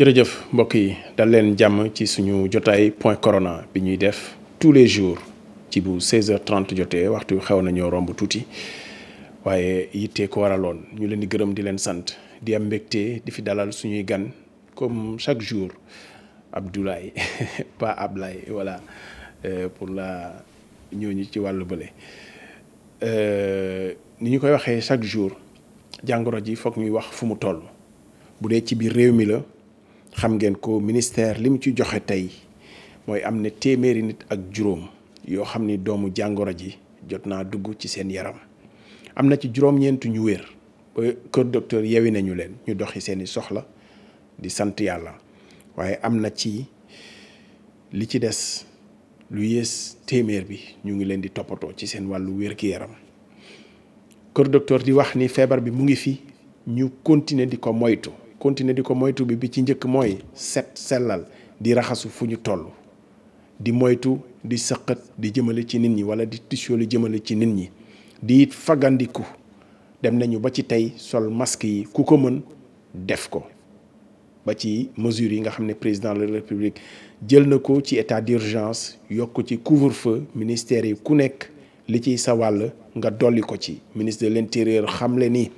jërëjëf mbokk yi dal leen jàmm ci suñu jotaay point corona bi ñuy def tous les jours ci bu 16h30 jotee waxtu xew na ñoo romb tuuti waaye yittee ko waraloon ñu leen di gërëm di leen sant di am mbégte di fi dalal suñuy gan comme chaque jour Abdoulaye pas Ablaye voilà euh, pour la ñooñu ci wàllu bële euh, ni ñu koy waxee chaque jour jàngoro ji foog ñuy wax fu mu toll bu dee ci biir réew mi la. xam ngeen ko ministère li mu ci joxe tey mooy am na téeméeri nit ak juróom yoo xam ni doomu jàngoro ji jot naa dugg ci seen yaram am na ci juróom-ñeent ñu wér ba kër docteur yewi nañu leen ñu doxi seeni soxla di sant yàlla waaye am na ci li ci des lu yées téeméer bi ñu ngi leen di toppatoo ci seen wàllu wér-gi-yaram kër docteur di wax ni feebar bi mu ngi fi ñu continuer di ko moytu continuer di ko moytu bi bi ci njëkk mooy set sellal di raxasu fu ñu toll di moytu di sëqat di jëmale ci nit ñi wala di lu jëmale ci nit ñi di it faggandiku dem nañu ba ci tey sol masque yi ku ko mën def ko ba ci mesures yi nga xam ne président de la république jël na ko ci état d'urgence yokk ci couvre-feu ministère yi ku nekk li ciy sa wàll nga dolli ko ci ministre de l'intérieur xamle ni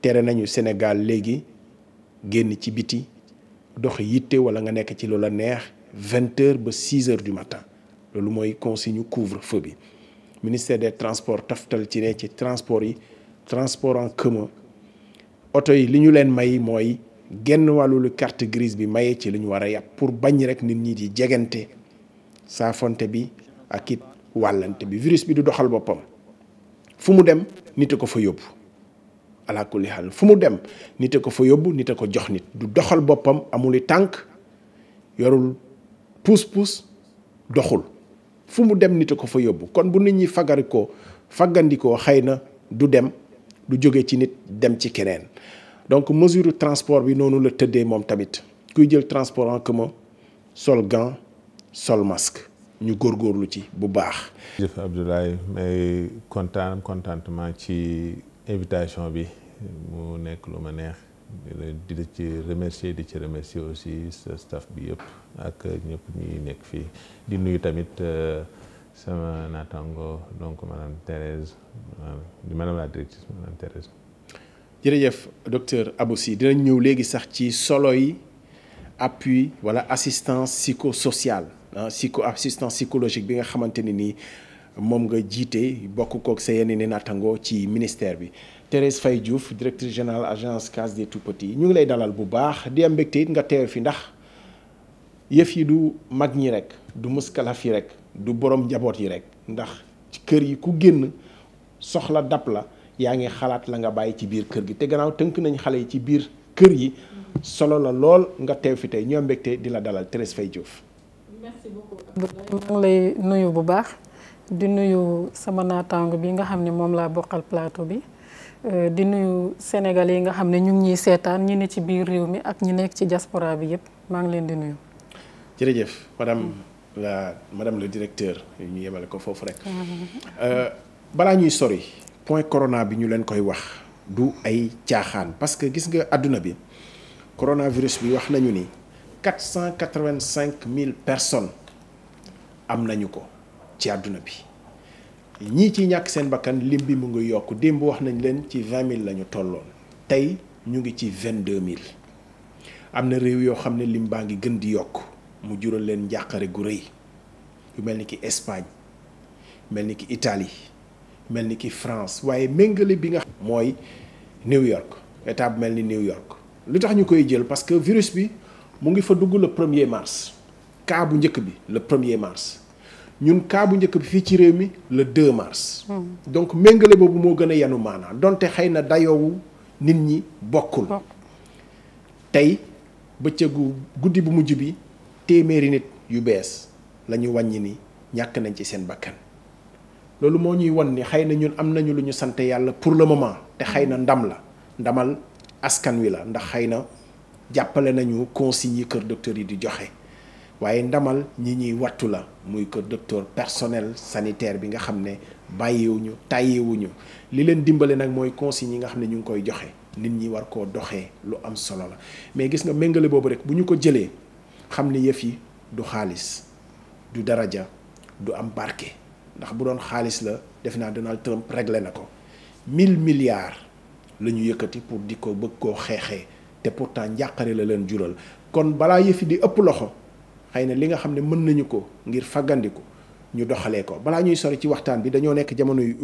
tere nañu Sénégal léegi génn ci biti dox yitte wala nga nekk ci loola neex vingt heures ba six heures du matin loolu mooy consigne couvre-feu bi ministère des transport taftal ci ne ci transport yi transport en commun oto yi li ñu leen may mooy génn wàllulu carte grise bi maye ci li ñu war a yàpp pour bañ rek nit ñi di jegante saafonte bi ak it wàllante bi virus bi du doxal boppam fu mu dem nit a ko fa yóbbu ala kulli fu mu dem nite ko fa yóbbu nite ko jox nit du doxal boppam amuli tànk yorul puus-puus doxul fu mu dem nite ko fa yóbbu kon bu nit ñi fagari ko faggandikoo xëy na du dem du jóge ci nit dem ci keneen donc mesure transport bi noonu la tëddee moom tamit kuy jël transport en commun sol gant sol masque ñu góor góorgóorlu ci bu baax jëf Abdoulaye may ci invitation bi mu nekk lu ma neex di la ci remercier di ci remercier aussi sa staff bi yëpp ak ñëpp ñuy nekk fii di nuyu tamit euh, sama naataango donc madame Thérèse di euh, madame la directrice madame Thérèse. jërëjëf docteur Abou Sy ñëw léegi sax ci solo yi appui wala assistance psychosociale ah psycho assistance psychologique bi nga xamante ne nii. moom nga jiite bokk kook sa yenn ni nattango ci ministère bi Thérèse Faye Diouf directrice générale agence case des tout petits ñu ngi lay dalal bu baax di am mbégte nga teew fi ndax yëf yi du mag ñi rek du muskalaf yi rek du borom njaboot yi rek ndax kër yi ku génn soxla dab la yaa ngi xalaat la nga bàyyi ci biir kër gi te gannaaw tënk nañ xale yi ci biir kër yi solo la lool nga teew fi tey ñu am di la dalal Thérèse Faye Diouf. di nuyu sama naataango bi nga xam ne moom laa bokkal plateau bi euh, di nuyu Sénégal yi nga xam ne ñu ngi ñuy seetaan ñu ne ci biir réew mi ak ñu nekk ci diaspora bi yëpp maa ngi leen di nuyu. jërëjëf madame la madame le directeur ñu yemale ko foofu rek. Euh, balaa ñuy sori point corona bi ñu leen koy wax du ay caaxaan parce que gis nga àdduna bi coronavirus bi wax nañu ni quatre cent quatre-vingt-cinq mille personnes am nañu ko. ci àdduna bi ñii ci ñàkk seen bakkan lim bi mu ngi yokk démb wax nañ leen ci vingt mille la ñu tolloon tey ñu ngi ci vingt deux mille am na réew yoo xam ne lim baa ngi gën di yokk mu jural leen njàqare gu rëy yu mel ni ki Espagne mel ni ki Italie mel ni ki France waaye méngale bi nga xam mooy New York état bu mel ni New York lu tax ñu koy jël parce que virus bi mu ngi fa dugg le premier mars cas njëkk bi le premier mars ñun cas bu njëkk bi fii ci réew mi la 2 mars. donc méngale boobu moo gën a yanu maanaam donte xëy na dayoowu nit ñi bokkul. tey bëccëgu guddi bu mujj bi téeméeri nit yu bees la wàññi ni ñàkk nañ ci seen bakkan loolu moo ñuy won ni xëy na ñun am nañu lu ñu sant yàlla pour le moment te xëy na ndam la ndamal askan wi la ndax xëy na jàppale nañu consignes yi kër docteur yi di joxe. waaye ndamal ñi ñuy wattu la muy ko docteur personnel sanitaire bi nga xam ne bàyyiwuñu tàyyiwuñu li leen dimbale nag mooy consignes yi nga xam ne ñu ngi koy joxe nit ñi war koo doxee lu am solo la mais gis nga méngale boobu rek bu ñu ko jëlee xam ne yëf yi du xaalis du daraja du am barke ndax bu doon xaalis la def naa Donald Trump réglé na ko mille milliards la ñu yëkkati pour di ko bëgg koo xeexee te pourtant njàqare la leen jural kon balaa yëfi di ëpp loxo xay na li nga xam ne mën nañu ko ngir faggandiku ñu doxalee ko balaa ñuy sori ci waxtaan bi dañoo nekk jamono yu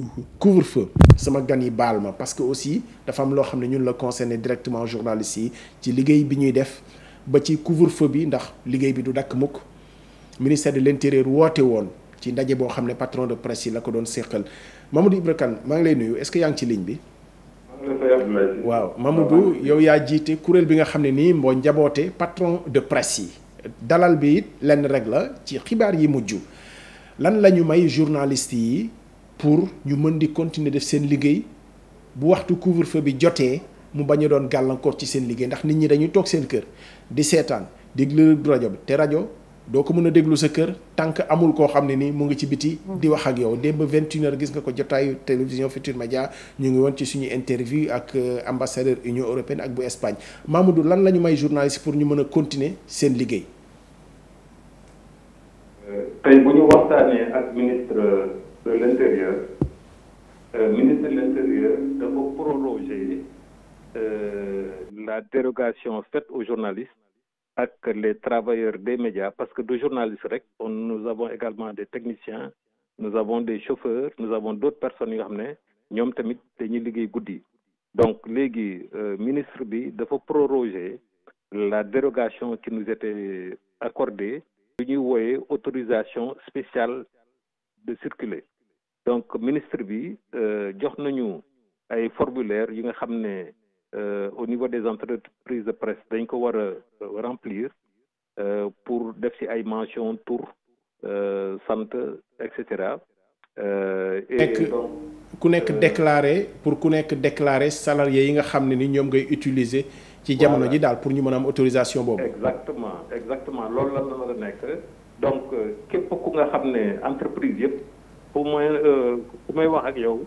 couvre feu sama gan yi baal ma parce que aussi dafa am loo xam ne ñun la concerné directement journaliste yi ci liggéey bi ñuy def ba ci couvre feu bi ndax liggéey bi du dakk mukk ministère de l'intérieur woote woon ci ndaje boo xam ne patron de presse yi la ko doon séqal Mamadou Ibra Kane maa ngi lay nuyu est-ce que yaa ci ligne bi. waaw Mamadou yow yaa jiite kuréel bi nga xam ne nii moo njaboote patron de presse yi. dalal bi it lenn rek la ci xibaar yi mujj lan la ñu may journaliste yi pour ñu mën di continuer def seen liggéey bu waxtu couvre-feu bi jotee mu bañ a doon gàllankoor ci seen liggéey ndax nit ñi dañuy toog seen kër di seetaan déglu rajo bi te rajo doo ko mën a déglu sa kër tant que amul koo xam ne nii mu ngi ci biti mm. di wax ak yow démb 21h gis nga ko jotaayu télévision Futurs Médias ñu ngi woon ci suñu interview ak euh, ambassadeur Union européenne ak bu Espagne Mamadou lan la ñu may journaliste pour ñu mën a continuer seen liggéey. Euh, tey bu ñu waxtaanee ak ministre euh, de l' ministre de l' intérieur dafa proroger la dérogation faite aux journalistes. ak les travailleurs des médias parce que du journaliste rek on nous avons également des techniciens nous avons des chauffeurs nous avons d'autres personnes yoo xam ne ñoom tamit dañuy liggéey guddi donc léegi euh, ministre bi dafa proroger la dérogation qui nous était accordée lu ñuy wooyee autorisation spéciale de circuler donc ministre bi euh, jox nañu ay formulaires yi nga xam ne Euh, au niveau des entreprises de presse dañ ko war a remplir euh, pour def ci ay mention tour euh, sant et cetera. et ku nekk déclaré pour ku nekk déclaré salarié yi nga xam ne ni ñoom ngay utiliser. ci jamono ji daal pour ñu mën a am autorisation boobu. exactement exactement loolu lan la war a nekk donc képp ku nga xam ne entreprise yëpp pour mooy ku may wax ak yow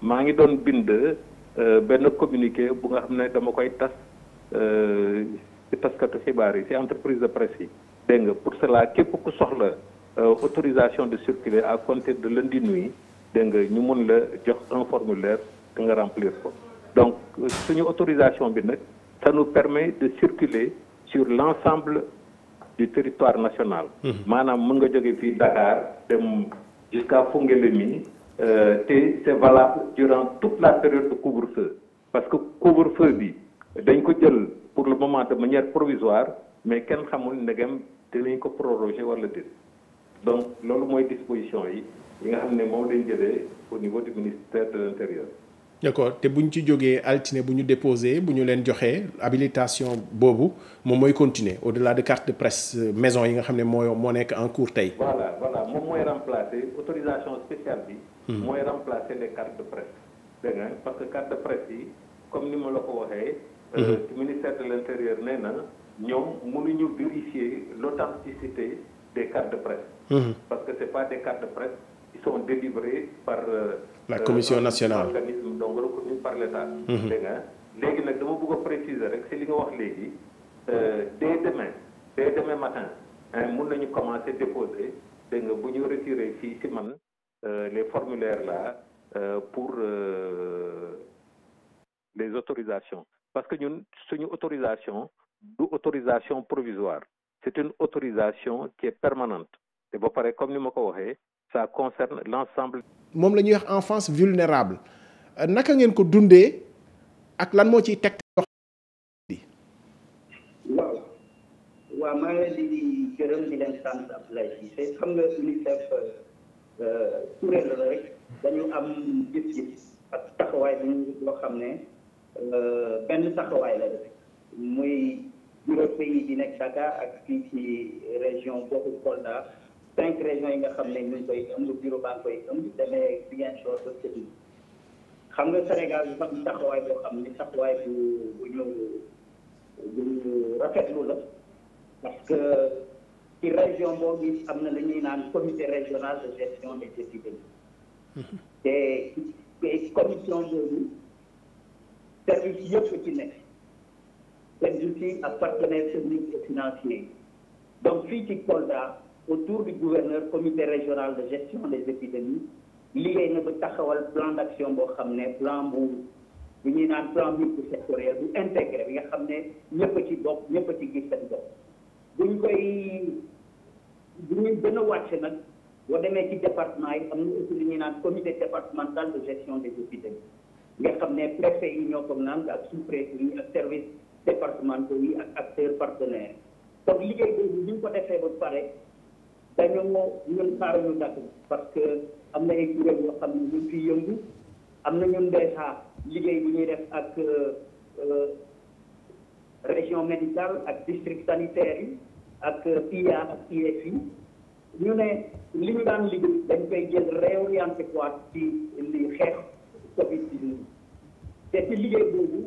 maa ngi doon bind. Euh, benn communiqué bu nga xam ne dama koy tas ci euh, taskatu xibaar yi ci entreprise de presse yi dégg nga pour cela képp ku soxla euh, autorisation de circuler à compter de lundi nuit dégg nga ñu mun la jox un formulaire te nga remplir ko donc suñu autorisation bi nag ça nous permet de circuler sur l'ensemble du territoire national mmh. maanaam mun nga jóge fii Dakar dem jusqu'à Fongelemi Euh, te c'est valable durant tout la période de couvre parce que couvre-feu bi dañ ko jël pour le moment de manière provisoire mais kenn xamul ndegem dinañ ko proroger wala déet donc loolu mooy disposition yi yi nga xam ne moom lañ jëlee au niveau du ministère de l'intérieur. d'accord te bu ñu ci jógee altine bu ñu déposé bu ñu leen joxee habilitation boobu moom mooy continuer au-delà de carte de presse euh, maison yi nga xam ne moo moo nekk en cours tey. voilà voilà moom mooy remplacer autorisation bi. Mm-hmm. mooy remplacer les cartes de presse dégg nga parce que carte de presse yi comme ni ma la ko waxee euh, mm-hmm. ci ministère de l' intérieur nee na ñoom mënuñu vérifier l' authenticité des cartes de presse mm-hmm. parce que c' est pas des cartes de presse ils sont délivrés par euh, la commission euh, nationale organisme donc reconnu par l' état dégg nga léegi nag dama bëgg a rek si li nga wax léegi dès demain dès demain matin mun nañu commencer déposer dégg nga bu ñu retirer fii si man Euh, les formulaires la euh, pour euh, les autorisations parce que ñun suñu autorisation du autorisation provisoire c'est une autorisation qui est permanente te ba pare comme ni ma ko waxee ça concerne l'ensemble moom la ñuy wax enfance vulnérable naka ngeen ko dundee ak lan moo ciy teg waaw Euh, kuréel la rek dañu am gis-gis ak taxawaay bi ñu loo xam ne euh, benn taxawaay la rek muy juróom pays di nekk Dakar ak fii ci région boobu Kolda cinq régions yi nga xam ne ñu koy ëmb bureau baa ngi koy ëmb demee Ziguinchor ba Sédhiou xam nga Sénégal bi am taxawaay boo xam ne taxawaay bu bu ñu bu ñu rafetlu la parce que ci région boo gis am na lu ñuy naan comité régional de gestion des épidémies te commission boobu service yëpp ci nekk service yi ak partenaires techniques et financiers donc fii ci Kolda autour du gouverneur comité régional de gestion des épidémies liggéey na ba taxawal plan d'action boo xam ne plan bu bu ñuy naan plan multisectoriel bu intégré bi nga xam ne ñëpp a ci bokk ñëpp a ci gis seen buñ koy bu ñu gën a wàcce nag boo demee ci département yi am na aussi lu ñuy naan comité départemental de gestion des hôpitaux nga xam ne préfet yi ñoo ko naan ak sous-préfet yi ak service départementaux yi ak acteurs partenaires donc liggéey boobu bu ñu ko defee ba pare dañoo ñun xaaruñu dakk parce que am na ay kuréel xam ne ñu ngi fiy yëngu am na ñun déjà liggéey bi ñuy def ak euh, région médicale ak district sanitaire yi ak IA ak IFI ñu ne li ñu daan liggéey dañ koy jël réorienté quoi ci li xeex Covid bi te ci liggéey boobu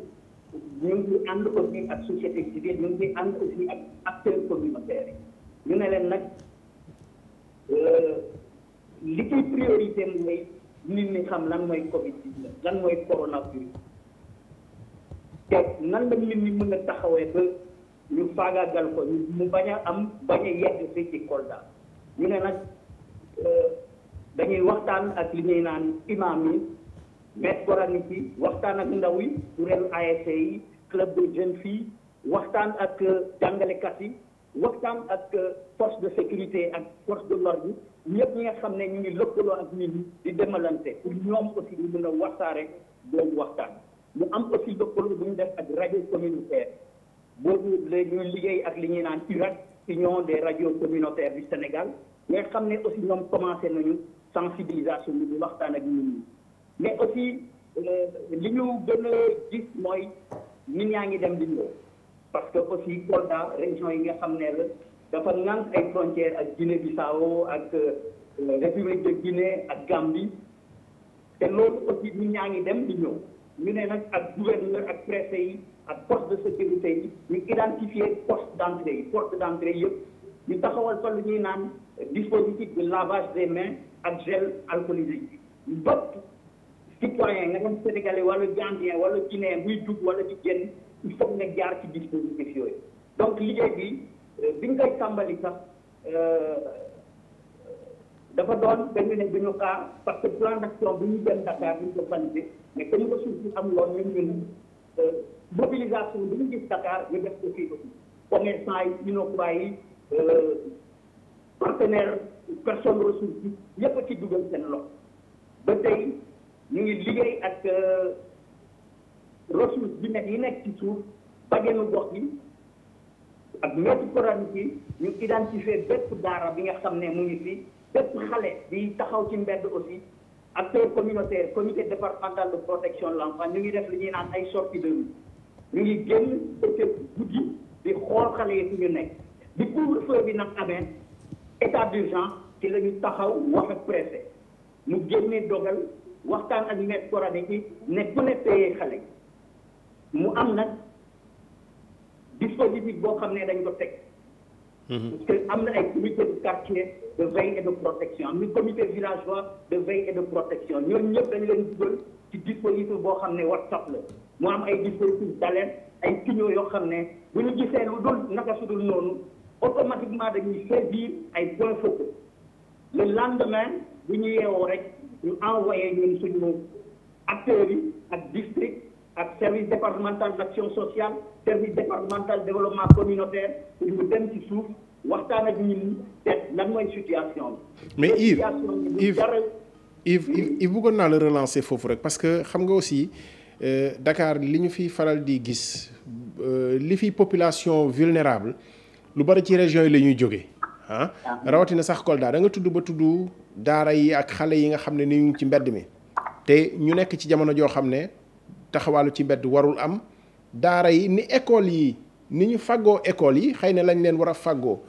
ñu ngi ànd aussi ak société civile ñu ngi ànd aussi ak acteurs communautaires yi ñu ne leen nag euh, li koy priorité mooy nit ñi xam lan mooy Covid bi lan mooy coronavirus te nan la nit ñi mën a taxawee ba. ñu faagaagal ko mu bañ a am bañ a yegg fii ci Kolda ñu ne nag euh, dañuy waxtaan ak li ñuy naan imam yi maître coranique yi waxtaan ak ndaw yi kuréelu ASC e yi club de jeunes filles waxtaan ak euh, jàngalekat yi waxtaan ak euh, force de sécurité ak force de l'ordre yi ñi nga xam ne ñu ngi lëppaloo ak nit ñi di demalante pour ñoom aussi ñu mën a waxtaare boobu waxtaan mu am aussi lëkkaloo bu ñu def ak rajo communautaire boobu la liggéey ak li ñuy naan URAC union des radios communautaires bi Sénégal mais xam ne aussi ñoom commencé nañu sensibilisation bi di waxtaan ak nit ñi mais aussi euh, li ñu gën a gis mooy nit ñaa ngi dem di ñëw que aussi Kolda région yi nga xam ne la dafa ŋànk ay frontières ak euh, Guinée Bissau ak République ak Gambie te loolu aussi ñaa ngi dem di ñëw ñu ne nag ak gouverneur ak préfet yi ak poste de sécurité yi ñu identifier poste d'entrée yi porte d'entrée yëpp ñu taxawal fa lu ñuy naan dispositif de lavage des mains ak gel alcoolisé bépp citoyen nga doon sénégalais wala gambien wala guinéen muy dugg wala di génn il faut nga jaar ci dispositif yooyu donc liggéey bi euh, bi ñu koy tàmbali sax euh, dafa doon dañu ne duñu xaar parce que plan d'action bu ñu dem Dakar bu ñu ko validé mais dañu ko suuf si am loolu ñun ñun euh, mobilisation bi ñu gis Dakar ñu def ko fii aussi commerçant yi innocua yi euh, partenaire personne ressource yi yépp a ci dugal seen loxo ba tey ñu ngi liggéey ak euh, ressource bi nekk yi nekk ci suuf bajenu gox yi ak maître coranique yi ñu identifier bépp daara bi nga xam ne mu ngi fi bépp xale bi taxaw ci mbedd aussi acteur communautaire comité départemental de protection de l'enfant ñu ngi def li ñuy naan ay sorties de rue ñu ngi génn bëccëg guddi di xool xale yi fi ñu nekk di couvre-feu bi nag amee état d'urgence ci la taxaw wax ak préfet mu génne dogal waxtaan ak maître coranique yi ne ku ne payé xale mu am nag dispositif boo xam ne dañ ko teg mhm. parce que am na ay comité de quartier de veille et de protection am na comité villageois de veille et de protection ñoom ñëpp dañ leen dugal ci dispositif boo xam ne WhatsApp la mu am ay dispositifs d'alerte ay signaux yoo xam ne bu ñu gisee lu dul naka su dul noonu automatiquement dañuy saisir ay points focaux le lendemain bu ñu yeewoo rek ñu envoyé ñun suñu acteurs yi ak district ak service départemental d'action sociale service départemental développement communautaire ñu dem ci suuf waxtaan ak ñun seet lan mooy situation bi. mais Yves Yves Yves Yves bëggoon naa la relancer foofu rek parce que xam nga aussi. Euh, Dakar li ñu fiy faral di gis euh, li fi population vulnérable lu bari ci région yi la ñuy jóge ah, ah. rawatina sax colda da nga tudd ba tudd daara yi ak xale yi nga xam ne ni ñu ci mbedd mi te ñu nekk ci jamono joo xam ne taxawaalu ci mbedd warul am daara yi ni école yi ni ñu faggoo école yi xëy na lañ leen war a faggoo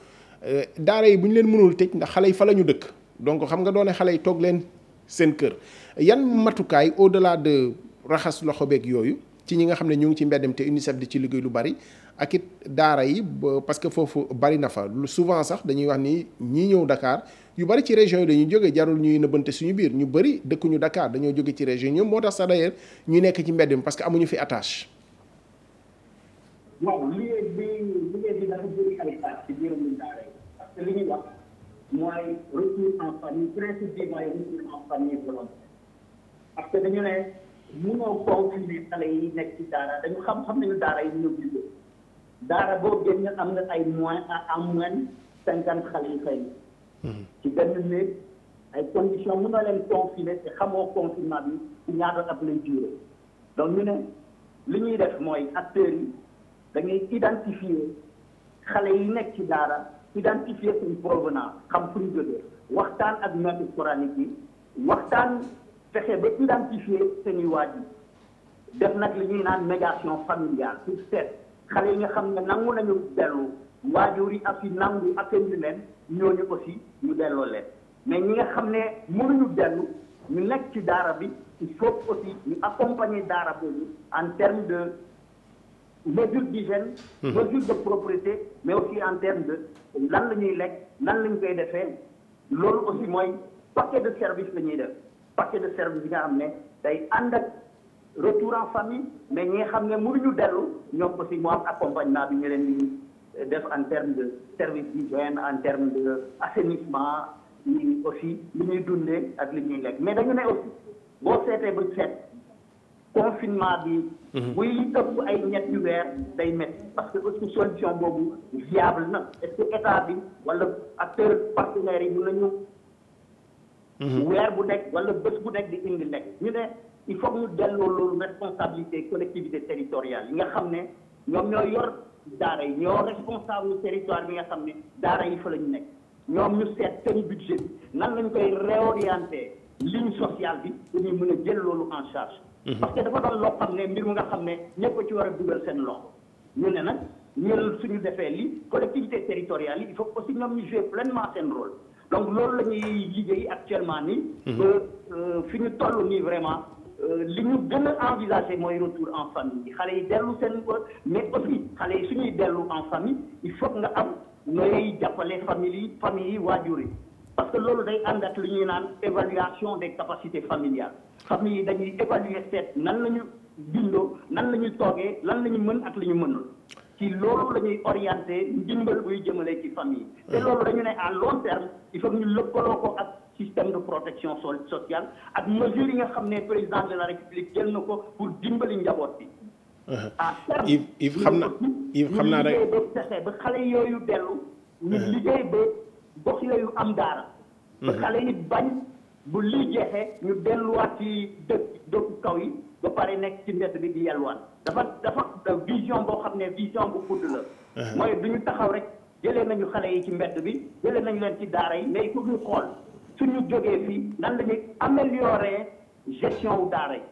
euh, daara yi bu ñu leen mënul tëj ndax xale yi fa la ñu dëkk donc xam nga doone xale yi toog leen seen kër yan matukaay au delà de raxas loxo beeg yooyu ci ñi nga xam ne ñu ngi ci mbeddam te UNICEF di ci liggéey lu bari akit daara yi parce que foofu bari na fa souvent sax dañuy wax ni ñii ñëw Dakar yu bari ci région yi dañuy jóge jarul ñuy nëbbante suñu biir ñu bari dëkkuñu dakaar dañoo jóge ci région ñoom moo tax sax d'ailleurs ñu nekk ci mbedd mi parce que amuñu fi attache. waaw munoo confirmer xale yi nekk ci daara dañu xam xam nañu daara yi ñoo gisee daara boo génn am na ay moins à moins cinquante xale yu fay. Hmm. ci benn néeg ay conditions munoo leen confiner te xamoo confinement bi ci ñaata at lay duré donc ñu ne li ñuy def mooy acteurs yi dañuy identifier xale yi nekk ci daara identifier seen provenance xam fu ñu jógee waxtaan ak maître coranique yi waxtaan. fexe ba identifier seeni waajur def nag li ñuy naan médiation familiale pour seet xale yi nga xam ne nangu nañu dellu waajur yi ak yi nangu accueillir ñoo ñooñu aussi ñu delloo leen mais ñi nga xam ne mënuñu dellu ñu nekk ci daara bi il faut aussi ñu accompagner daara boobu en terme de mesure d'hygiène mesure de propreté mais aussi en terme de lan la ñuy lekk lan lañ koy defee loolu aussi mooy paquet de service la ñuy def parce que de service bi nga xam ne day ànd ak retour en famille mais ñi nga xam ne mënuñu dellu ñoom aussi mu am accompagnement bi ñu leen di def en terme de service d'hygiène en terme de assainissement yi aussi li ñuy dundee ak li ñuy lekk mais dañu ne aussi boo seetee ba seet confinement bi. Mhm. buy ëpp ay ñetti weer day métti parce que aussi solution boobu viable na est-ce que état bi wala acteurs partenaires yi mën nañu. Mm-hmm. weer bu nekk wala bés bu nekk di indi lekk ñu ne il faut ñu delloo loolu responsabilité collectivité territoriale yi nga xam ne ñoom ñoo yor daara yi ñoo responsable territoire bi nga xam ne daara yi fa la ñu nekk ñoom ñu seet seen budget bi nan lañ koy réorienter ligne sociale bi su dañuy mën a jël loolu en charge mm-hmm. parce que dafa doon loo xam ne mbir mu nga xam ne ñëpp a ci war a dugal seen loxo ñu ne nag ñu su ñu defee li collectivité territoriale yi il faut aussi ñoom ñu jouer pleinement seen rôle donc loolu la ñuy liggéey actuellement nii. Mhm. Euh, euh, fi ñu toll nii vraiment euh, li ñu gën a envisager mooy retour en famille xale yi dellu seen mais aussi xale yi ñuy dellu en famille il faut nga am nooy jàppale famille yi famille yi waa waajur yi parce que loolu day ànd ak li ñuy naan évaluation de capacité familiales famille yi dañuy évaluer seet nan la ñu bindoo nan la ñu toogee lan la ñu mën ak li ñu mënul. ci loolu la ñuy orienté ndimbal buy jëmale ci famille mm. te loolu dañu ne à long terme il faut ñu lëkkaloo ko ak système de protection sociale ak mesure yi nga xam ne président de la république jël na ko pour dimbali njaboot bi a uh-huh. terme Yves xam na Yves xam naa rek ba ba xale yooyu dellu uh-huh. ñu liggéey ba gox am daara uh-huh. ba xale yi bañ bu lii jeexee ñu delluwaat ci dëkk dëkku kaw yi ba pare nekk ci mbedd bi di yelwaan dafa dafa vision boo xam ne vision bu gudd la. Uh-huh. mooy du ñu taxaw rek jëlee nañu xale yi ci mbedd bi jële nañu leen ci daara yi mais il ñu xool suñu jógee fii nan la ñuy améliorer gestion wu daara yi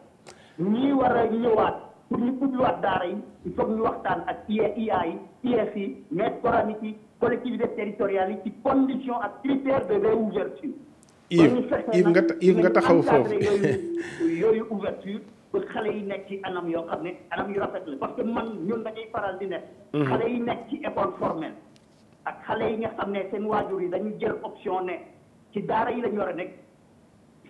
ñuy war a ñëwaat pour ñu ubbiwaat daara yi il ñu waxtaan ak IA yi IEF yi maîtres coraniques yi collectivités territoriales yi ci condition ak critères de réouverture Yves Yves nga Yves nga taxaw foofu yooyu ouverture ba xale yi nekk ci anam yoo xam ne anam yu rafet la parce que man ñun dañuy faral di nekk mhm. xale yi nekk ci école formelle ak xale yi nga xam ne seen waajur yi dañu jël option ne ci daara yi lañu war a nekk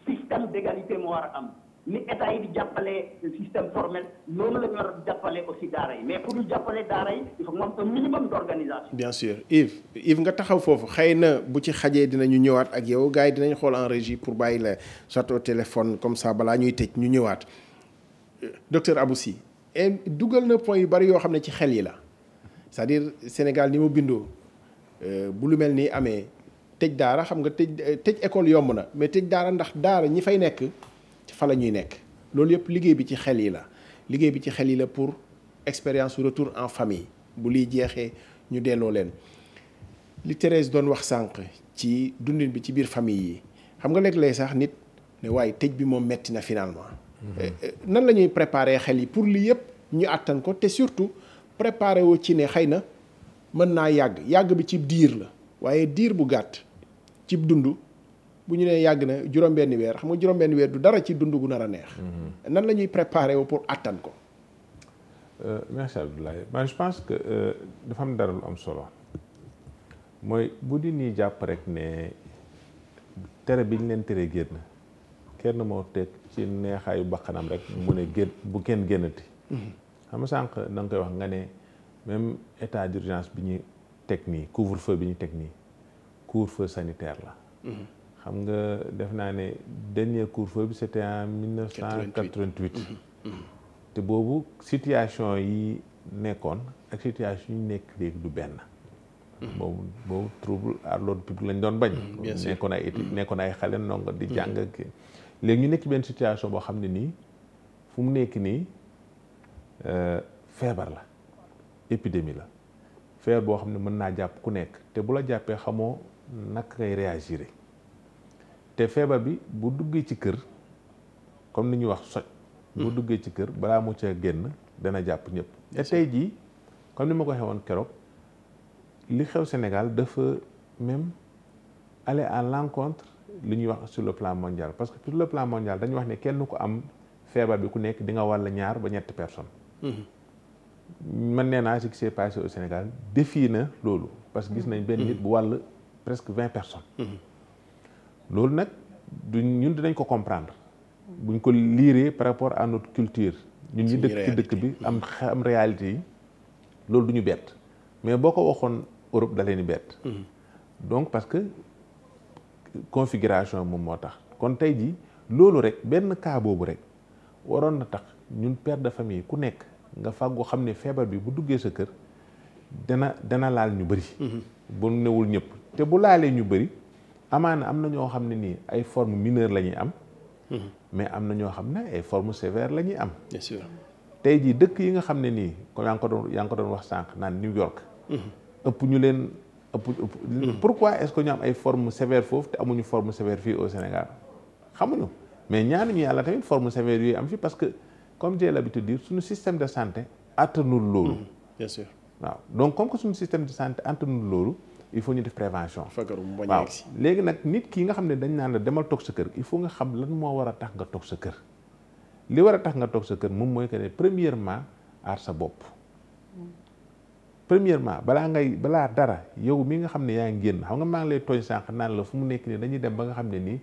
système d'égalité moo war a am ni état yi di jàppale système formel noonu la jàppale aussi daara yi mais pour ñu jàppale daara yi bien sûr Yves Yves nga taxaw foofu xëy na bu ci xajee dinañu ñëwaat ak yow gars yi dinañ xool en régie pour bàyyi la soit téléphone comme ça balaa ñuy tëj ñu ñëwaat docteur abusi dugal na point yu bari yoo xam ne ci xel yi la cest à Sénégal ni mu bindoo euh, bu lu mel ni amee tëj daara xam nga tëj tëj école yomb na mais tëj daara ndax daara ñi fay nekk. fa la ñuy nekk loolu yëpp liggéey bi ci xel yi la liggéey bi ci xel yi la pour expérience retour en famille bu liy jeexee ñu delloo leen li Thérèse doon wax sànq ci dundin bi ci biir famille yi xam nga léeg-léeg sax nit ne waaye tëj bi moom metti na finalement mhm. eh, eh, nan la ñuy préparer xel yi pour lii yëpp ñu àttan ko te surtout préparer woo ci ne xëy na mën naa yàgg yàgg bi ci diir la waaye diir bu gàtt cib dund bu ñu nee yàgg na juróom-benn weer xam nga juróom-benn weer du dara ci dund gu nar a neex. Mhm. nan la ñuy préparer wu pour attan ko. Euh, merci Abdoulaye man je pense que euh, dafa am dara lu am solo mooy bu di nii jàpp rek ne tere bi ñu leen tere génn kenn moo teg ci neexaayu bakkanam rek mu ne génn bu kenn génnati. Mhm. xam sànq da nga koy wax nga ne même état d'urgence bi ñu teg nii couvre-feu bi ñu teg nii couvre sanitaire la. Mhm. xam nga def naa ne dernier couvre-feu bi c'était en mm-hmm. Mm-hmm. te boobu situation yi nekkoon ak situation ñu nekk léegi du benn mm-hmm. boobu boobu trouble à l'ordre public lañ doon bañ nekkoon ay études nekkoon ay xale ndongo di jàng ki léegi ñu nekk benn situation boo xam ne nii fu mu nekk nii euh, feebar la épidémie la feebar boo xam ne mën naa jàpp ku nekk te bu la jàppee xamoo naka ngay réagir te feebar bi bu duggee ci kër comme ni ñuy wax soj bu hmm. duggee ci kër balaa mu ca génn dana jàpp ñëpp te tey jii comme ni ma ko xewoon keroog li xew Sénégal dafa même aller à l'encontre li ñuy wax sur le plan mondial parce que sur le plan mondial dañuy wax ne kenn ko am feebar bi ku nekk di nga wàll ñaar ba ñetti personne hmm. man nee naa ce qui s'est passé au Sénégal défie na loolu parce que gis hmm. nañ benn nit bu wàll presque vingt personnes loolu nag du ñun dinañ ko comprendre buñ ko liiree par rapport à notre culture ñun ñu dëkk ci dëkk bi am am réalité yi loolu duñu bett mais boo ko waxoon Europe da leen di bett hmm. donc parce que configuration moom moo tax kon tey jii loolu rek benn cas boobu rek waroon na tax ñun père de famille ku nekk nga fàggu xam ne feebar bi bu duggee sa kër dana dana laal ñu bëri hmm. bu newul ñëpp te bu laalee ñu bëri amaana am na ñoo xam ne nii ay forme mineure la ñuy am mhm. mais am na ñoo xam ne ay forme sévère la ñuy am tey jii dëkk yi nga xam ne nii ko yaa ngi doon yaa ngi ko doon wax sànq naan New York mhm. ëpp ñu leen ëpp mhm. pourquoi est-ce que ñu am ay forme sévère foofu te amuñu forme sévère fii au Sénégal xamuñu mais ñu yàlla tamit forme sévère yooyu am fi parce que comme la l'habitude de dire suñu système de santé attanul loolu waaw donc comme que suñu système de santé loolu il faut ñu def prévention waaw léegi nag nit kii nga xam ne dañ naan la demal toog sa kër il faut nga xam lan moo war a tax nga toog sa kër li war a tax nga toog sa kër moom mooy que ne premièrement aar sa bopp premièrement balaa ngay balaa dara yow mii nga xam ne yaa ngi génn xam nga maa ngi lay tooñ sànq naan la fu mu nekk nii dañuy dem ba nga xam ne nii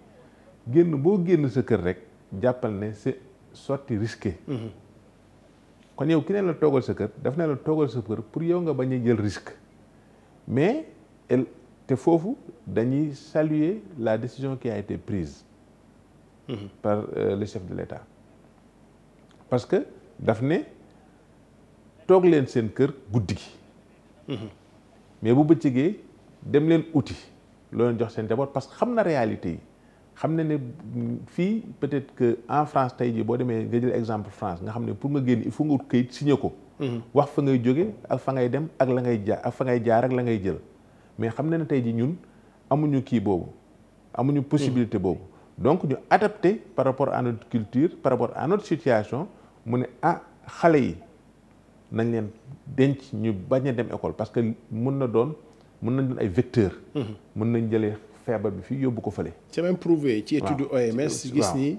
génn boo génn sa kër rek jàppal ne c'est sorti risquée mhm. kon yow ki ne la toogal sa kër daf ne la toogal sa kër pour yow nga bañ a jël risque te foofu dañuy saluer la décision qui a été prise mm-hmm. par euh, le chef de l'État parce que daf ne toog leen seen kër guddi gi mm-hmm. mais bu bëccëgee dem leen uti loo jox seen njaboot parce que xam na réalité yi xam na ne fii peut-être que en France tey jii boo demee nga jël exemple France nga xam ne pour nga génn il faut nga ut kayit signé ko mm-hmm. wax fa ngay jóge ak fa ngay dem ak la ngay jaar ak fa ngay jaar ak la ngay jël mais xam na ne tey ji ñun amuñu kii boobu amuñu possibilité mm. boobu donc ñu adapté par rapport à notre culture par rapport à notre situation mu ne ah xale yi nañ leen denc ñu bañ a dem école parce que mun na doon mun nañ doon ay vecteurs. Mm-hmm. mun nañ jëlee feebar bi fii yóbbu ko fële. c'est même prouvé ci étude OMS. gis ni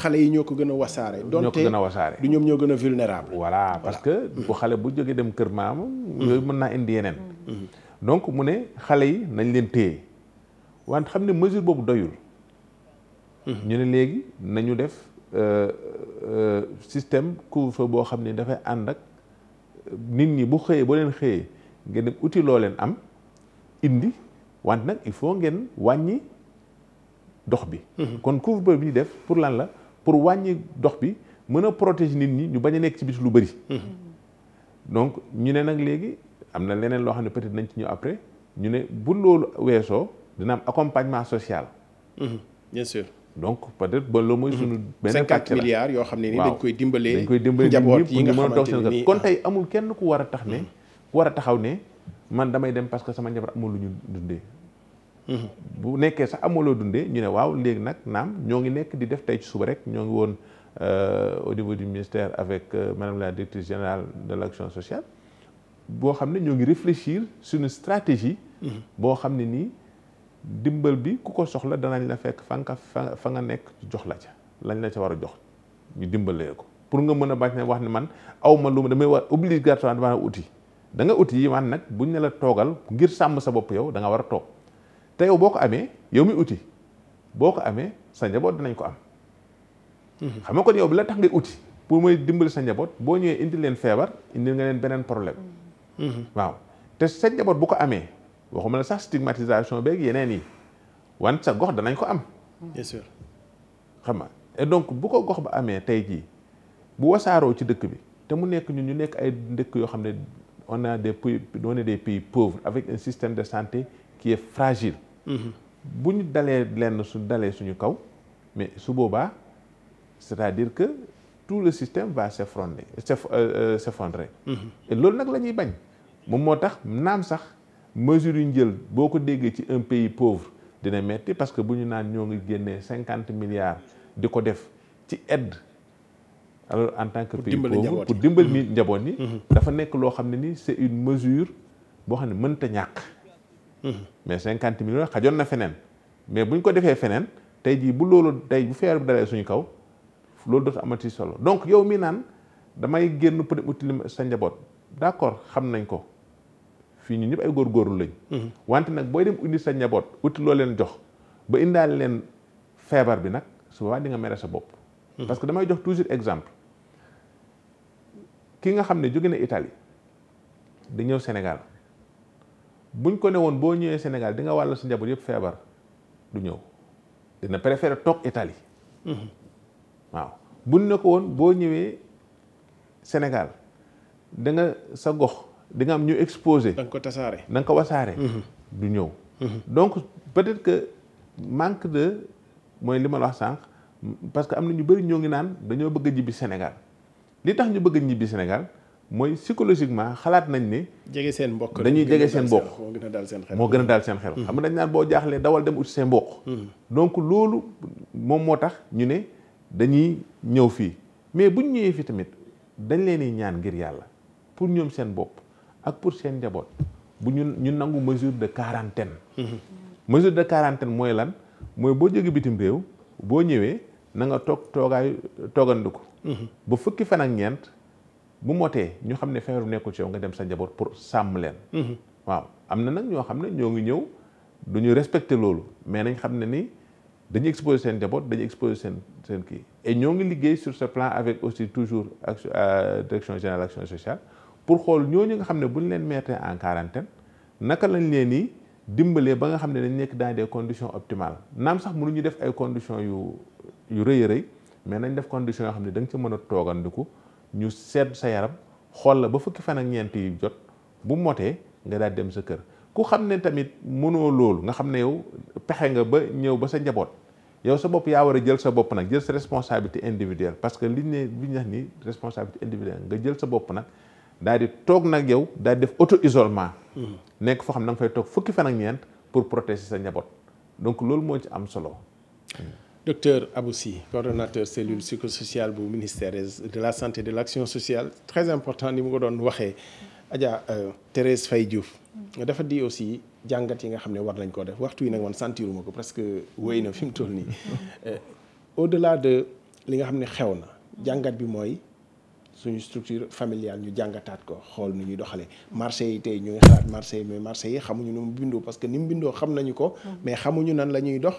xale yi ñoo ko gën a wasaare. ñoo ko gën a wasaare donte du ñoom ñoo gën a vulnérable. voilà parce que bu xale bu jógee dem kër maam. Mm-hmm. yooyu mën naa indi yeneen. Mm-hmm. donc mu ne xale yi nañ leen téye want xam ne mesure boobu doyul. ñu ne léegi nañu def euh, euh, système couvre-feu boo xam ne dafay ànd ak nit ñi bu xëyee boo leen xëyee ngeen dem uti loo leen am indi wante nag il faut ngeen wàññi dox bi. Mhm. kon couvre-feu bi ñu def pour lan la pour wàññi dox bi mën a protége nit ñi ñu bañ a nekk ci biti lu bëri. Mhm. donc ñu ne nag léegi. am na leneen loo xam ne peut-être nañ ci ñu après ñu ne bu loolu weesoo dina am accompagnement social. Mhm, bien donc peut-être ba loolu mooy suñu. benn pàcc la 50 milliards yoo xam ne ni dañ koy dimbalee. dañ koy dimbalee njaboot yi nga xamante ne nii kon ah. tey amul kenn ku war a tax ne. Mhm. war a taxaw ne man damay dem parce que sama njaboot amul lu ñu dundee. Mhm. bu nekkee sax amuloo dundee ñu ne waaw léegi nag naam ñoo ngi nekk di def tey ci suba rek ñoo ngi woon euh, au niveau du ministère avec euh, madame la directrice générale de l'action sociale. boo xam ne ñoo ngi réfléchir suñu stratégie mm-hmm. boo xam ne nii dimbal bi ku ko soxla danañ la fekk fa nga fa nga nekk jox la ca lañ la ca war a jox ñu dimbalee ko pour nga mën a bañ ne wax ne man aw ma lu ma damay war obligatoire dama uti da nga uti yi man nag buñ ne la toogal ngir sàmm sa bopp yow da nga war a toog te yow boo ko amee yow mi uti boo ko amee sa njaboot dinañ ko am mm-hmm. xam nga kon yow bi la tax ngay uti pour mooy dimbali sa njaboot boo ñëwee indi leen feebar indi nga leen beneen problème mm-hmm. Mm-hmm. waaw te sa njaboot bu ko amee waxuma la sax stigmatisation beeg yeneen yi wan sa gox danañ ko am. Mm-hmm. xam nga et donc bu ko gox ba amee tey jii bu wasaaroo ci dëkk bi te mu nekk ñun ñu nekk ay dëkk yoo xam ne on na des pays on des pays pauvres avec un système de santé qui est fragile. Mm-hmm. bu ñu dalee lenn su dalee suñu kaw mais su boobaa c'est-à-dire que tout le système va s'effondrer euh, euh, s'effondrer. et loolu nag la ñuy bañ. moom moo tax naam sax mesure yu ñu jël boo ko déggee ci un pays pauvre dina metti parce que bu ñu naan ñoo ngi génnee cinquante milliards di ko def ci aide alors en tant que pays pauvre pour dimbali mm-hmm. njaboot yi mm-hmm. dafa nekk loo xam ne ni c'est une mesure boo xam ne mënta ñàkk mm-hmm. mais cinquante millions xajoon na feneen mais bu ñu ko defee feneen tey jii bu loolu tey bu feer bu dalee suñu kaw loolu dootu amati solo donc yow mii naan damay génn pour dem utili sa xam nañ ko fii ñu ñëpp ay góor góorul lañ mhm. wante nag booy dem indi sa njaboot uti loo leen jox ba indaale leen feebar bi nag su boobaa di nga mere sa bopp mhm. parce que damay jox toujours exemple ki nga xam ne jóge na Italie di ñëw Sénégal buñ ko ne woon boo ñëwee Sénégal di nga wàll sa njaboot yëpp feebar du ñëw dina préféré toog Italie mhm. waaw buñ ne woon boo ñëwee Sénégal da nga sa gox di nga am ñu exposé. da ko tasaare da nga ko wasaare. Mhm. du ñëw. Mhm. donc peut-être que manque de mooy li ma wax sànq parce que am na ñu bëri ñoo ngi naan dañoo bëgg a ñibbi Sénégal li tax ñu bëgg a ñibbi Sénégal mooy psychologiquement xalaat nañ ne. jege seen mbokk dañuy jege seen mbokk moo gën a daal seen xel moo gën a daal seen xel. Mhm. xam nga dañ naan boo jaaxlee dawal dem ut seen mbokk. donc loolu moom moo tax ñu ne dañuy ñëw fii mais buñ ñëwee fii tamit dañ leen di ñaan ngir yàlla pour ñoom seen bopp. ak pour seen njaboot bu ñu ñu nangu mesure de quarantaine mhm. mesure de quarantaine mooy lan mooy boo jógee bitim réew boo ñëwee na nga toog toogaay toogandiku mhm. ba fukki fan ak ñeent bu motee ñu xam ne feebar bu nekkul ci yow nga dem sa njaboot pour sàmm leen mhm. waaw am na nag ñoo xam ne ñoo ngi ñëw du ñu respecté loolu mais nañ xam ne ni dañuy exposé seen njaboot dañu exposé seen seen kii et ñoo ngi liggéey sur ce plan avec aussi toujours ak euh, direction générale action pour xool ñoo ñooñu nga xam ne bu ñu leen mettre en quarantaine naka lañ leen di dimbalee ba nga xam ne dañ nekk dans des conditions optimales naam sax mënuñu def ay conditions yu yu rëy a mais nañ def conditions yoo xam ne da nga ci mën a toogandiku ñu seet sa yaram xool la ba fukki fan ak ñeent yu jot bu motee nga daal dem sa kër ku xam ne tamit mënoo loolu nga xam ne yow pexe nga ba ñëw ba sa njaboot yow sa bopp yaa war a jël sa bopp nag jël sa responsabilité individuelle parce que liñ ne biñ wax ni responsabilité individuelle nga jël sa bopp nag daal di toog nag yow daal def auto isolement. Hmm. nekk foo xam ne da nga fay toog fukki fan ak ñeent pour protéger sa njaboot donc loolu moo ci am solo. Hmm. docteur Abou Sy coordonnateur cellule psychosociale bu ministère de la santé et de l'action sociale très important ni mu ko doon waxee. Adja euh, Thérèse Faye Diouf. Hmm. dafa di aussi jàngat yi nga xam ne war nañ koo def waxtu yi nag man sentiruma ko presque wéy na fi mu toll nii. Euh, au delà de li nga xam ne xew na jàngat bi mooy. suñu structure familiale ñu jàngataat ko xool nu ñuy doxalee marché yi tey ñu ngi xalaat marché yi mais marché yi xamuñu nu mu bindoo parce que ni mu bindoo xam nañu ko mm. mais la ñuy dox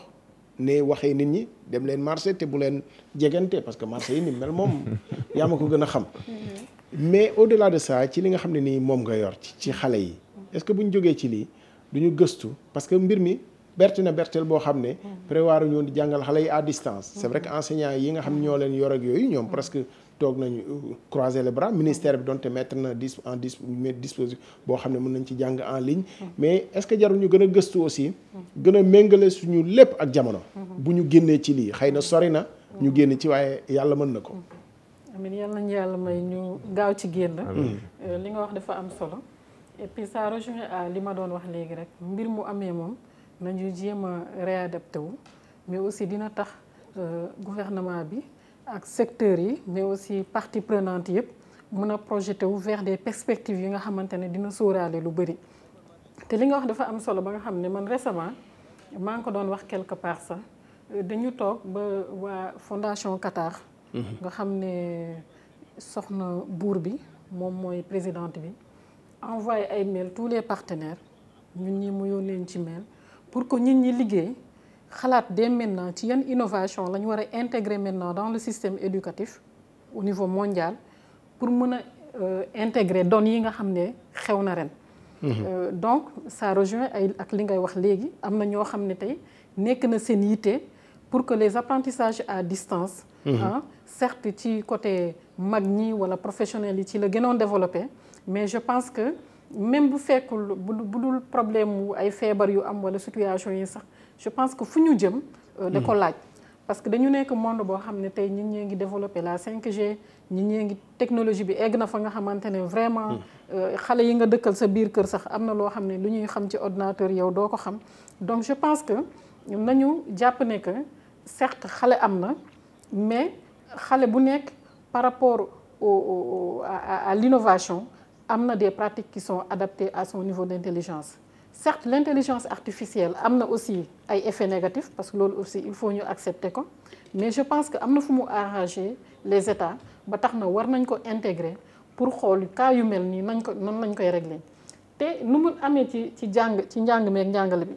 ne waxee nit ñi dem leen marché te bu leen jegante parce que marché yi ni mel moom yaa ma ko gën a xam mm-hmm. mais de delà de ça ci li nga xam ne nii moom nga yor ci ci xale yi mm. est-ce que bu ñu jógee ci lii du ñu gëstu parce que mbir mi berti na bertel boo xam ne mm. prévoir ñoo di jàngal xale mm-hmm. yi nga xam ñoo leen yor ak yooyu ñoom toog nañu euh, croiser les bras ministère bi doonte mettre na dis boo xam ne mën nañ ci jàng en ligne mais est-ce jarul ñu gën a gëstu aussi gën a méngale suñu lépp ak jamono bu ñu génnee ci lii xëy na sori na ñu génn ci waaye yàlla mën na ko amin yàlla nañu yàlla may ñu gaaw ci génn euh, li nga wax dafa am solo et puis ça rejoint à li ma doon wax léegi rek mbir mu amee moom nañu jéem a réadapté wu mais aussi dina tax euh, gouvernement bi ak secteurs yi mais aussi parties prenantes yëpp mun a projeté wu vers des perspectives yi nga xamante ne dina sóoraale lu bëri te li nga wax dafa am solo ba nga xam ne man récemment maa ngi ko doon wax quelque part sax euh, dañu toog ba waa fondation Qatar. Mhm. nga xam ne soxna buur bi moom mooy présidente bi envoyé ay mail tous les partenaires ñun ñi mu yónnee ci mail pour que ñun ñi liggéey. xalaat dès maintenant ci yan innovation la ñu war a intégrer maintenant dans le système éducatif au niveau mondial pour mën a euh, intégrer données yi nga xam ne xew na ren. Mhm. Euh, donc ça rejoint ay ak li ngay wax léegi am na ñoo xam ne tey nekk na seen yitte pour que les apprentissages à distance. ah certes ci côté mag ñi wala professionnels yi ci la gënoon développé mais je pense que même bu fekkul bu dul problème wu ay feebar yu am wala situation yi sax. je pense que fu ñu jëm. Euh, da ko hmm. laaj parce que dañu nekk monde boo xam ne tey ñun ñee ngi développé la cinq g ñun ñee ngi technologie bi egg na fa nga xamante ne vraiment. Hmm. Euh, xale yi nga dëkkal sa biir kër sax am na loo xam ne lu ñuy xam ci ordinateur yow doo ko xam donc je pense que nañu jàpp ne que certes xale am na mais xale bu nekk par rapport au à à l'innovation am na des pratiques qui sont adaptées à son niveau d'intelligence. certes l'intelligence artificielle am na aussi ay effets négatifs parce que loolu aussi il faut ñu accepter ko mais je pense que am na fu mu arranger les états ba tax na war nañ ko intégrer pour xool cas yu mel nii nañ ko nan lañ koy régler te nu mun amee ci ci jàng ci njàng meeg njàngale bi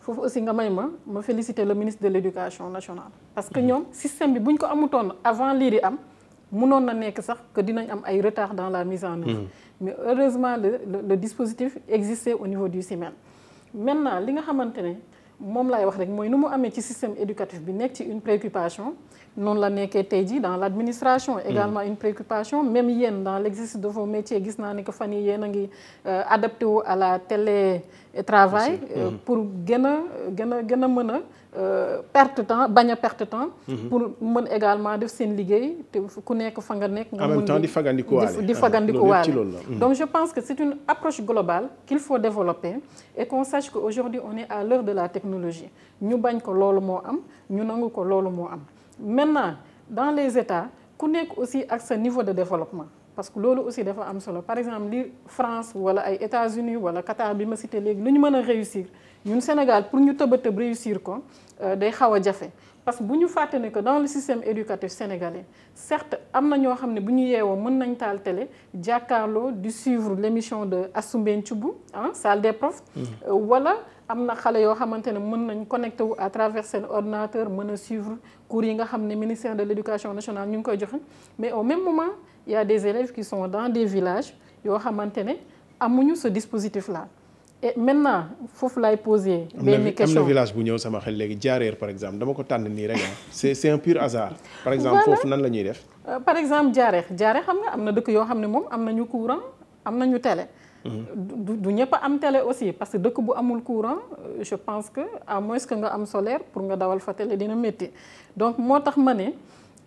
foofu aussi nga may ma ma féliciter le ministre de l'éducation nationale parce que mhm. ñoom système bi buñ ñu ko amutoon avant lii di am mënoon na nekk sax que dinañ am ay retard dans la mise en œuvre mhm. mais heureusement le, le, le dispositif existait au niveau du CIMEN maintenant li nga xamante ne moom laay wax rek mooy lu mu amee ci système éducatif bi nekk ci une préoccupation noonu la nekkee tey jii dans l' administration. Hmm. également une préoccupation même yéen dans l' exercice de vos métiers gis naa ne que fan yii yéen a ngi euh, adapté wu à la télé. travail euh, hmm. pour gën a gën a gën a mën a euh, perte temps bañ a perte temps. Hmm. pour mën également def seen liggéey te ku nekk fa nga nekk. nga mën en di fagandikuwaale di ah, fagandikuwaale donc je pense que c' est une approche globale qu'il faut développer et qu'on sache que aujourd'hui on est à l'heure de la technologie ñu bañ ko loolu moo am ñu nangu ko loolu moo am. maintenant dans les états ku nekk aussi ak sa niveau de développement parce que loolu aussi dafa am solo par exemple li France wala ay États-Unis wala Qatar bi ma cité léegi lu ñu mën a réussir ñun Sénégal pour ñu tëb a tëb réussir ko euh, day xaw a jafe parce que bu ñu fàtte ne que dans le système éducatif sénégalais certes am na ñoo xam ne bu ñu yeewoo mën nañ taal télé jàkkaarloo di suivre l' émission de Assou Mbenthioubou ah salle des profs mmh. euh, wala am na xale yoo xamante ne mën nañ connecté wu à travers seen ordinateur mën a suivre cours yi nga xam ne ministère de l' éducation nationale ñu ngi koy joxe mais au même moment il y a des élèves qui sont dans des villages yoo xamante ne amuñu ce dispositif là. maintenant foofu laay posé. benn question am na bu ñëw sama xel léegi Jaareer par exemple dama ko tànn nii rek ah. c' est c' est un pur exemple foofu nan la ñuy def. Euh, par exemple Jaareer Jaareer xam nga am na dëkk yoo xam ne moom am nañu courant am na ñu télé. du du ñëpp am télé aussi parce que dëkk bu amul courant euh, je pense que à moins que nga am solaire pour nga dawal fa télé dina métti donc moo tax ma ne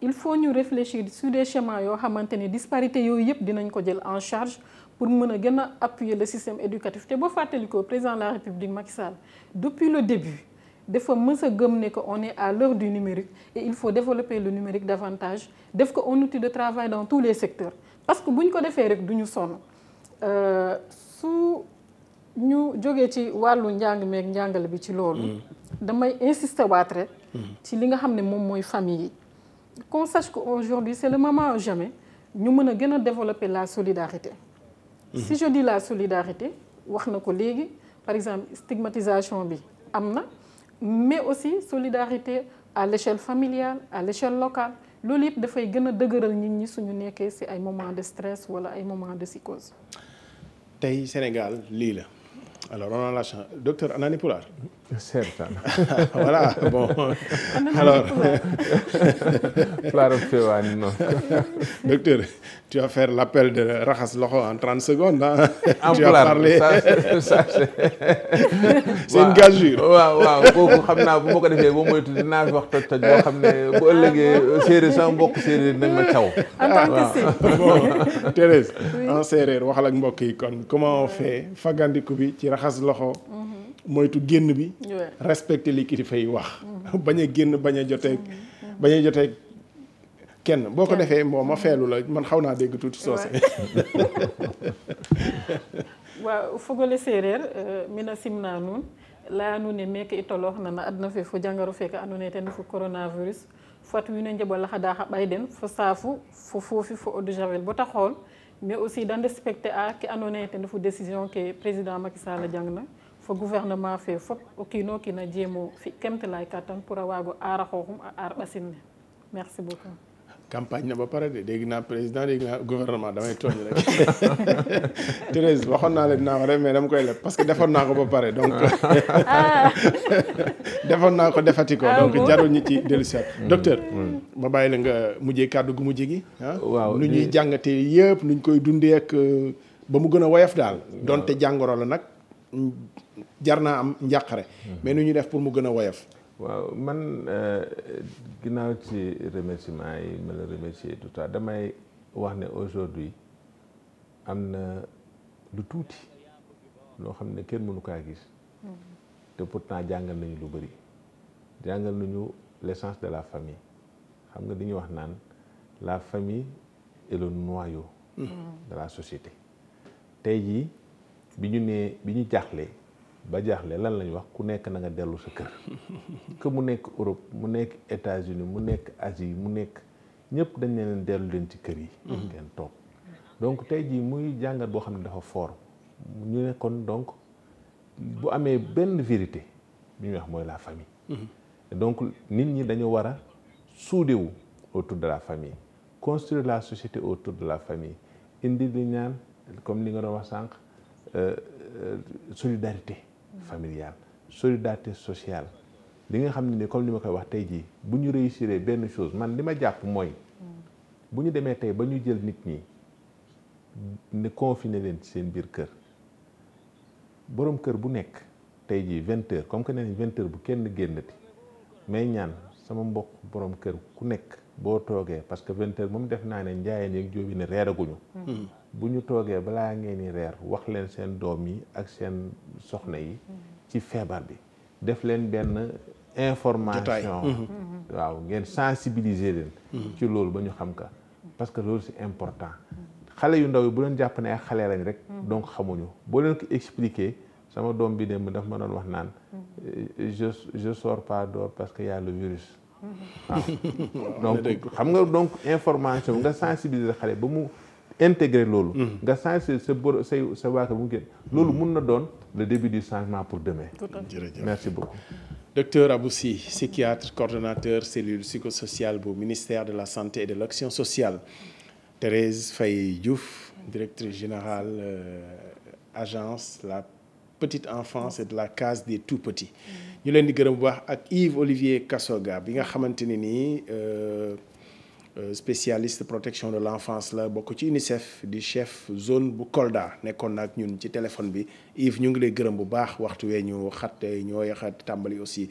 il faut ñu réfléchir sur des schémas yoo xamante ne disparité yooyu yëpp dinañ ko jël en charge pour mën a gën a appuyer le système éducatif te boo fàttali ko président de la République Macky Sall depuis le début dafa mës a gëm ne que on est à l'heure du numérique et il faut développer le numérique davantage def ko un outil de travail dans les secteurs parce que bu ñu ko defee rek du sonn. Euh, su ñu jógee ci wàllu njàng meeg njàngale bi ci loolu. Mm. damay insister waat mm. ci li nga xam ne moom mooy famille yi. qu'on sache que aujourd'hui c'est le moment ou jamais ñu mën a gën a développer la solidarité. Mm-hmm. si je dis la solidarité wax na ko léegi par exemple stigmatisation bi am na mais aussi solidarité à l'échelle familiale à l'échelle locale. loolu yëpp dafay gën a dëgëral nit ñi suñu nekkee ci ay moment de stress walla ay moment de psychose. tey Sénégal lii la alors on a la chance docteur Anani Poulard seetaan voilà bon alors Claro Fewani non docteur tu vas faire l'appel de raxas loxo en 30 secondes ah tu vas parler ça c'est une gageure waaw waaw kooku xam naa bu ma ko defee boo moytu dinaa fi wax toj toj boo xam ne bu ëllëgee ah, séeréer sama mbokk séeréer nañ ma caw ah, Thérèse en séeréer waxal ak mbokk kon comment on fagandiku bi ci raxas loxo mm. moytu génn bi respecté li kilifa yi wax mm-hmm. bañ a génn bañ a joteeg mm-hmm. bañ a kenn boo ko defee moo ma feelu la man xaw naa dégg tuuti soose waaw le séeréer euh, mina simna naa laya nuun e meeke i toloox na na adna fe fo jangaru feke ando naye ten refu coronavirus fat wiin we njaɓo laxada xa ɓay den fo saafu fo foofi fo eau de javel bo ta xool mais aussi dan respecté a ke ando naye ten refu décision ke président Macky Sall a jang na fo gouvernement fe fop o kiino kiin a jéem o fi kemtalaay kattan pour a waag aar a xooxum a aar ɓasin ne merci beaucoup campagne na ba pare de dégg naa président dégg naa gouvernement damay tooñ rek Thérèse waxoon naa leen naa ko rek dama koy leb parce que defoon naa ko ba pare ah. defoon naa ko defati ko ah donc jarul ñi ci dellu si hmm. hmm. ma bàyyi la nga mujjee kàddu gu mujj gi ah waaw nu ñuy jàngatee yëpp nu ñu koy dundee euh, ba mu gën a woyof daal donte jàngoro la nag jar naa am njàqare mhm. mais nu ñu def pour mu gën a woyof waaw man euh, ginnaaw si remerciement yi ma la remercier tout ça damay wax ne aujourd'hui am na lu tuuti loo xam ne kenn mënu kaa gis mhm. te pourtant jàngal nañu lu bëri jàngal nañu l'essence de la famille xam nga dañuy wax naan la famille est le noyau mhm. de la société tey jii bi ñu nee bi ñu jaaxlee ba jaaxle lan lañ wax ku nekk na nga dellu sa kër que mu nekk Europe mu nekk États-Unis mu nekk Asie mu nekk ñëpp dañ leen dellu leen ci kër yi ngeen mm-hmm. toog donc tey jii muy jàngat boo xam ne dafa fort ñu nekkoon donc bu amee benn vérité bi wax mooy la famille mm-hmm. donc nit ñi dañu war a suudewu autour de la famille construire la société autour de la famille indi li ñaan comme li nga doon wax sànq euh, euh, solidarité familiale solidarité sociale li nga xam ne ni comme ni ma koy wax tey jii bu ñu réussiree benn chose man li ma jàpp mooy bu ñu demee tey ba ñu jël nit ñi ne confiné leen ci seen biir kër boroom kër bu nekk tey jii vingt comme que neen nañ vingt bu kenn génnati mais ñaan sama mbokk boroom kër ku nekk boo toogee parce que vingt heures moom def naa ne njaayeen yeeg jóobi ne reeraguñu hmm. bu ñu toogee balaa ngeen ni reer wax leen seen doom yi ak seen soxna yi hmm. ci feebar bi def leen benn information hmm. waaw ngeen sensibiliser leen ci loolu ba ñu xam ka parce que loolu c'est important xale yu ndaw yi bu leen jàpp ne ay xale lañ rek donc xamuñu boo leen ko expliquer sama doom bi dem daf ma doon wax naan euh, je je sors pas parce que y virus waaw ah. donc xam nga donc information nga sensibiliser xale ba mu intégrer loolu mm. nga sensibiliser sa bor say sa mun na doon le début du changement pour demain jërëjëf merci beaucoup Docteur Aboussi, psychiatre, coordonnateur cellule psychosociale bu ministère de la Santé et de l'Action sociale. Thérèse Faye Diouf, directrice générale euh, agence la petite enfance et de la case de tout petits ñu leen di gërëm bu baax ak Yves Olivier Kassoga bi nga xamante ne nii euh, euh, spécialiste protection de l'enfance la bokk ci UNICEF di chef zone bu Kolda nekkoon na ak ñun ci téléphone bi Yves ñu ngi lay gërëm bu baax waxtu wee ñu xat ñoo yaxat tàmbali aussi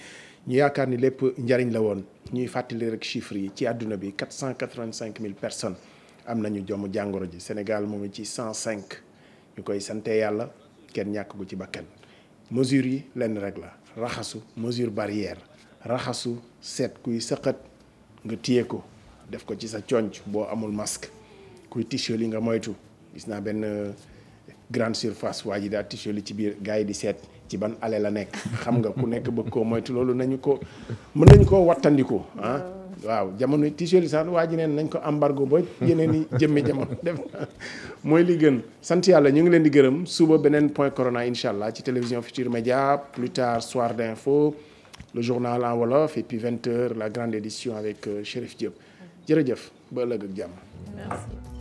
ñu yaakaar ni lépp njariñ la woon ñuy fàttali rek chiffres yi ci àdduna bi 485 000 personnes am nañu jomm jàngoro ji Sénégal moom ci 105 ñu koy sante yàlla kenn ñàkk gu ci bakkan mesure yi lenn rek la raxasu mesure barrière raxasu seet kuy sëqat nga téye ko def ko ci sa conc boo amul masque kuy tissu li nga moytu gis naa benn euh, grande surface waa ji daal tissu li ci biir gars yi di seet ci ban ale la nekk xam nga ku nekk bëgg koo moytu loolu nañu ko mën nañ koo wattandiku ah. waaw jamono tiisee lisaan waa ji neen nañ ko embargo ba yeneen i jëmmi jamono def mooy li gën sant yàlla ñu ngi leen di gërëm suba beneen point corona incha allah ci télévision Futur Média plus tard soir d'info le journal en wolof et puis 20 heures la grande édition avec euh, Chérif Diop jërëjëf ba ëllëg ak jàmm.